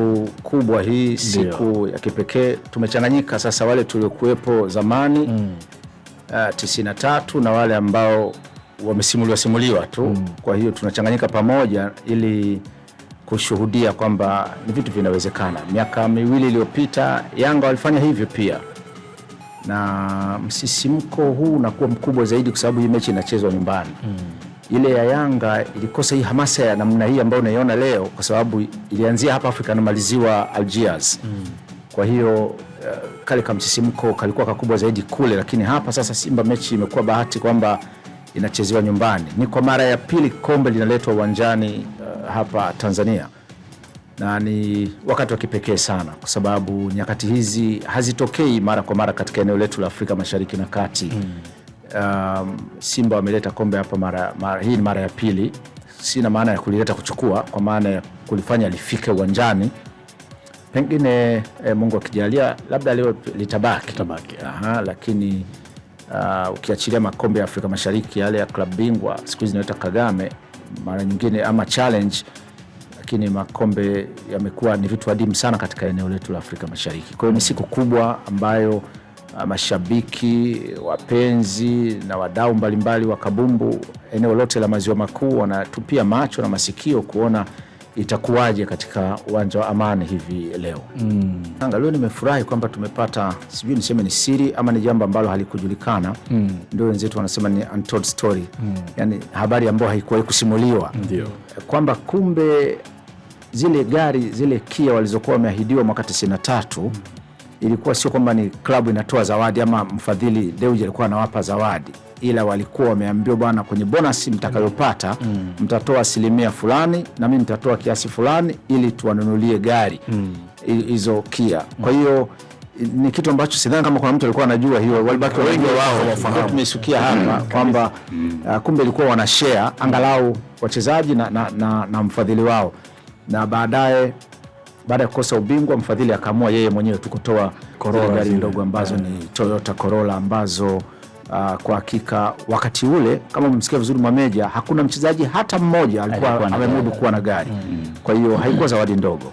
siku kubwa hii, siku Dio. ya kipekee. Tumechanganyika sasa wale tuliokuwepo zamani mm. uh, tisini na tatu na wale ambao wamesimuliwa simuliwa tu mm. Kwa hiyo tunachanganyika pamoja ili kushuhudia kwamba ni vitu vinawezekana. Miaka miwili iliyopita Yanga walifanya hivyo pia, na msisimko huu unakuwa mkubwa zaidi kwa sababu hii mechi inachezwa nyumbani mm ile ya Yanga ilikosa hii hamasa ya namna hii ambayo unaiona leo, kwa sababu ilianzia hapa Afrika na maliziwa Algiers mm. Kwa hiyo uh, kale kamsisimko kalikuwa kakubwa zaidi kule, lakini hapa sasa Simba mechi imekuwa bahati kwamba inachezewa nyumbani. Ni kwa mara ya pili kombe linaletwa uwanjani uh, hapa Tanzania na ni wakati wa kipekee sana kwa sababu nyakati hizi hazitokei mara kwa mara katika eneo letu la Afrika Mashariki na Kati mm um, Simba wameleta kombe hapa mara, mara, hii ni mara ya pili. Sina maana ya kulileta kuchukua, kwa maana ya kulifanya lifike uwanjani pengine e, Mungu akijalia labda leo litabaki, litabaki. Aha, lakini uh, ukiachilia makombe ya Afrika Mashariki yale ya klabu bingwa siku hizi naita Kagame mara nyingine ama challenge, lakini makombe yamekuwa ni vitu adimu sana katika eneo letu la Afrika Mashariki. Kwa hiyo ni siku kubwa ambayo Ah, mashabiki, wapenzi na wadau mbalimbali wa kabumbu eneo lote la maziwa makuu wanatupia macho na masikio kuona itakuwaje katika uwanja wa Amani hivi leo. Mm. Leo nimefurahi kwamba tumepata, sijui niseme ni siri ama ni jambo ambalo halikujulikana. Mm. Ndio wenzetu wanasema ni untold story. Mm. Yani habari ambayo haikuwahi kusimuliwa. Ndio. Kwamba kumbe zile gari zile Kia walizokuwa wameahidiwa mwaka 93 mm ilikuwa sio kwamba ni klabu inatoa zawadi ama mfadhili Deuji alikuwa anawapa zawadi, ila walikuwa wameambiwa, bwana, kwenye bonasi mtakayopata mm. mtatoa asilimia fulani na mimi nitatoa kiasi fulani ili tuwanunulie gari mm. hizo mm. Kia. Kwa hiyo ni kitu ambacho sidhani kama kuna mtu alikuwa anajua hiyo, walibaki wengi wao tumeisikia hapa mm. kwamba mm. Uh, kumbe ilikuwa wanashare angalau wachezaji na, na, na, na mfadhili wao na baadaye baada ya kukosa ubingwa mfadhili akaamua yeye mwenyewe tu kutoa gari ndogo ambazo yeah, ni Toyota Corolla ambazo uh, kwa hakika wakati ule kama umemsikia vizuri Mwameja, hakuna mchezaji hata mmoja alikuwa amemudu kuwa na gari mm. Kwa hiyo haikuwa zawadi ndogo.